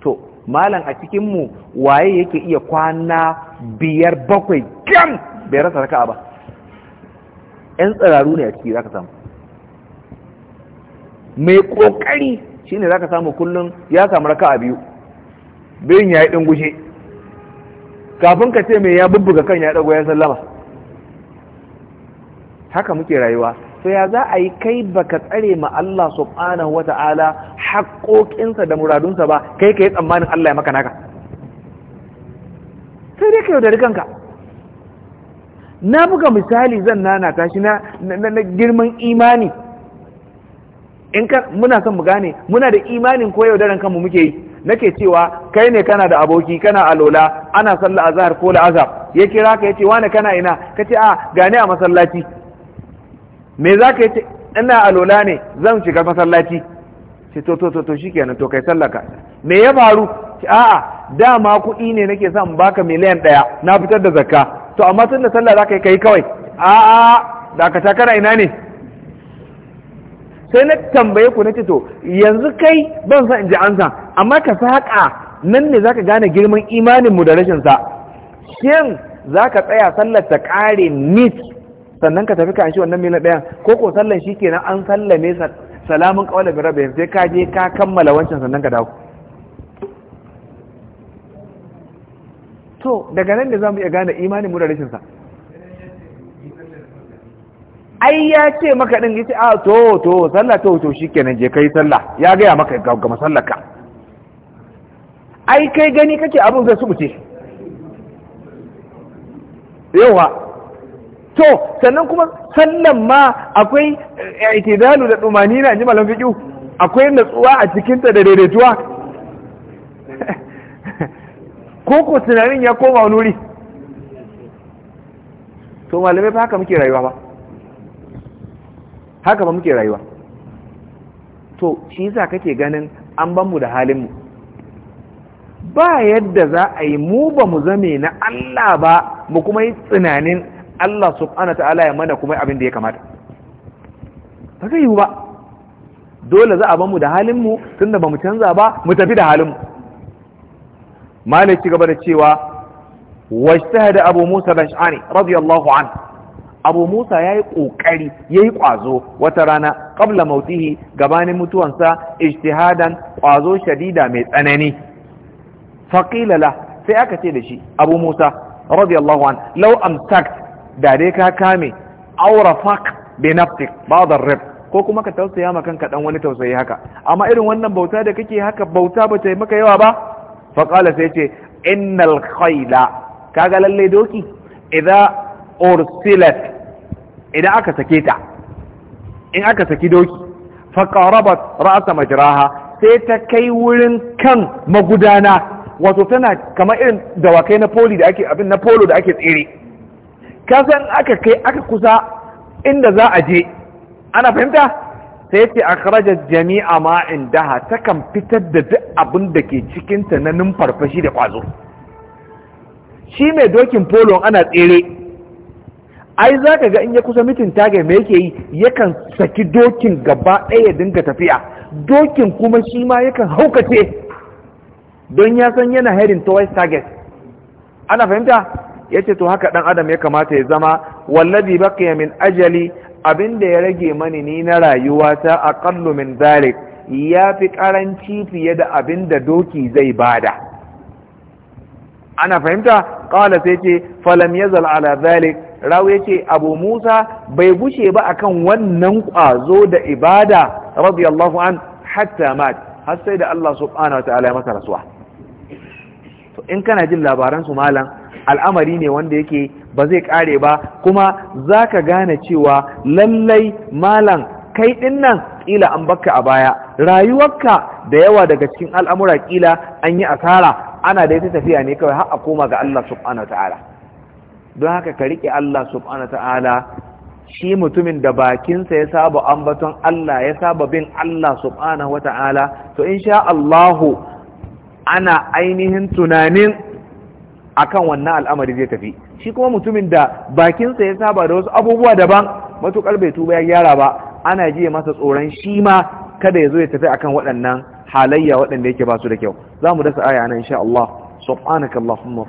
Speaker 1: to malam a cikin mu waye yake iya kwana biyar bakwai gam bai rasa raka'a ba yan tsararu ne a ciki zaka samu mai kokari shine zaka samu kullum ya samu a biyu bayan ya yi ɗin gushe kafin ka ce mai ya bubbuga kan ya ɗago ya sallama haka muke rayuwa to ya za a yi kai baka tsare ma Allah subhanahu wata'ala haƙoƙinsa da muradunsa ba kai ka yi tsammanin Allah ya maka naka sai dai ka yaudari kanka na buga misali zan nana tashi na girman imani in ka muna son mu gane muna da imanin ko yaudaran kanmu muke yi nake cewa kai ne kana da aboki kana alola ana sallah azhar ko la'azab ya kira ka yace wani kana ina kace a gane a masallaci me zaka yace ina alola ne zan shiga masallaci ce to to to to shikenan to kai sallaka me ya faru a'a dama kuɗi ne nake son baka miliyan ɗaya na fitar da zakka to amma tunda sallar sallah zaka yi kai kawai a'a da ka kana ina ne sai na tambaye ku na ce to yanzu kai ban san in ji san amma ka saƙa nan ne zaka gane girman imanin mu da rashin sa shin zaka tsaya sallar ta kare nit sannan ka tafi ka shi wannan mila ɗayan ko ko sallar shi kenan an sallame salamun ƙawala bi rabbi sai ka je ka kammala wancan sannan ka dawo to daga nan ne zamu iya gane imanin mu da rashin sa ai ya ce maka din yace a ah, to to sallah to to shikenan je kai sallah ya gaya maka ga masallar ka ai kai gani kake abin zai subuce yawa to sannan kuma sallan ma akwai eh, itidalu da dumani na ji malam fiqu akwai natsuwa a cikinta da daidaituwa ko ko tunanin ya koma wani wuri to malamai ba haka muke rayuwa ba haka ba muke rayuwa to shi ka kake ganin an ban mu da halinmu mu ba yadda za a yi mu ba mu zame na Allah ba mu kuma yi tsinanin Allah subhanahu ta'ala ya mana kuma abin da ya kamata ba zai yiwu ba dole za a ban mu da halin mu tunda ba mu canza ba mu tafi da halin mu malik ci gaba da cewa da abu musa bashani ashari radiyallahu anhu abu musa ya yi ƙoƙari ya yi ƙwazo wata rana ƙabla mautihi gabanin mutuwansa ijtihadan ƙwazo shadida mai tsanani faƙilala sai aka ce da shi abu musa radiyallahu an lau amsakt da dai ka kame aurafak bi naftik da rib ko kuma ka tausaya ma kanka dan wani tausayi haka amma irin wannan bauta da kake haka bauta ba ta yi maka yawa ba faƙala sai ce innal Ka kaga lalle doki idza ursilat idan aka sake ta in aka saki doki faqarabat ra'sa majiraha, sai ta kai wurin kan magudana wato tana kamar irin dawakai na poli da ake abin na polo da ake tsere kasan aka kai aka kusa inda za a je ana fahimta sai ce akhrajat jami'a ma indaha takan fitar da duk abin da ke cikinta na numfarfashi da kwazo shi mai dokin polo ana tsere ai za ka ga in ya kusa mitin taga me yake yi yakan saki dokin gaba ɗaya dinga tafiya dokin kuma shi ma yakan haukace don ya san yana heading towards target ana fahimta ya ce to haka ɗan adam ya kamata ya zama wallazi baqiya min ajali abinda ya rage mani ni na rayuwata aqallu min dhalik ya fi karanci fiye da abinda doki zai bada ana fahimta qala sai ce falam yazal ala dhalik rawu ya ce abu musa bai gushe ba a kan wannan kwazo da ibada radiyallahu an hatta mat har sai da Allah subhanahu wa ta'ala ya masa rasuwa to in kana jin labaran su malam al'amari ne wanda yake ba zai kare ba kuma zaka gane cewa lallai malam kai din nan kila an bakka a baya rayuwarka da yawa daga cikin al'amura ƙila an yi asara ana da ita tafiya ne kawai har a koma ga Allah subhanahu wa ta'ala don haka ka riƙe Allah subhanahu ta'ala shi mutumin da bakinsa ya saba ambaton Allah ya saba bin Allah subhanahu ta'ala to insha Allahu ana ainihin tunanin akan wannan al'amari zai tafi shi kuma mutumin da bakinsa ya saba da wasu abubuwa daban matuƙar bai tuba ya gyara ba ana jiya masa tsoron shi ma kada ya zo ya tafi akan waɗannan halayya waɗanda yake ba su da kyau za mu dasa aya nan insha Allah subhanakallahumma wa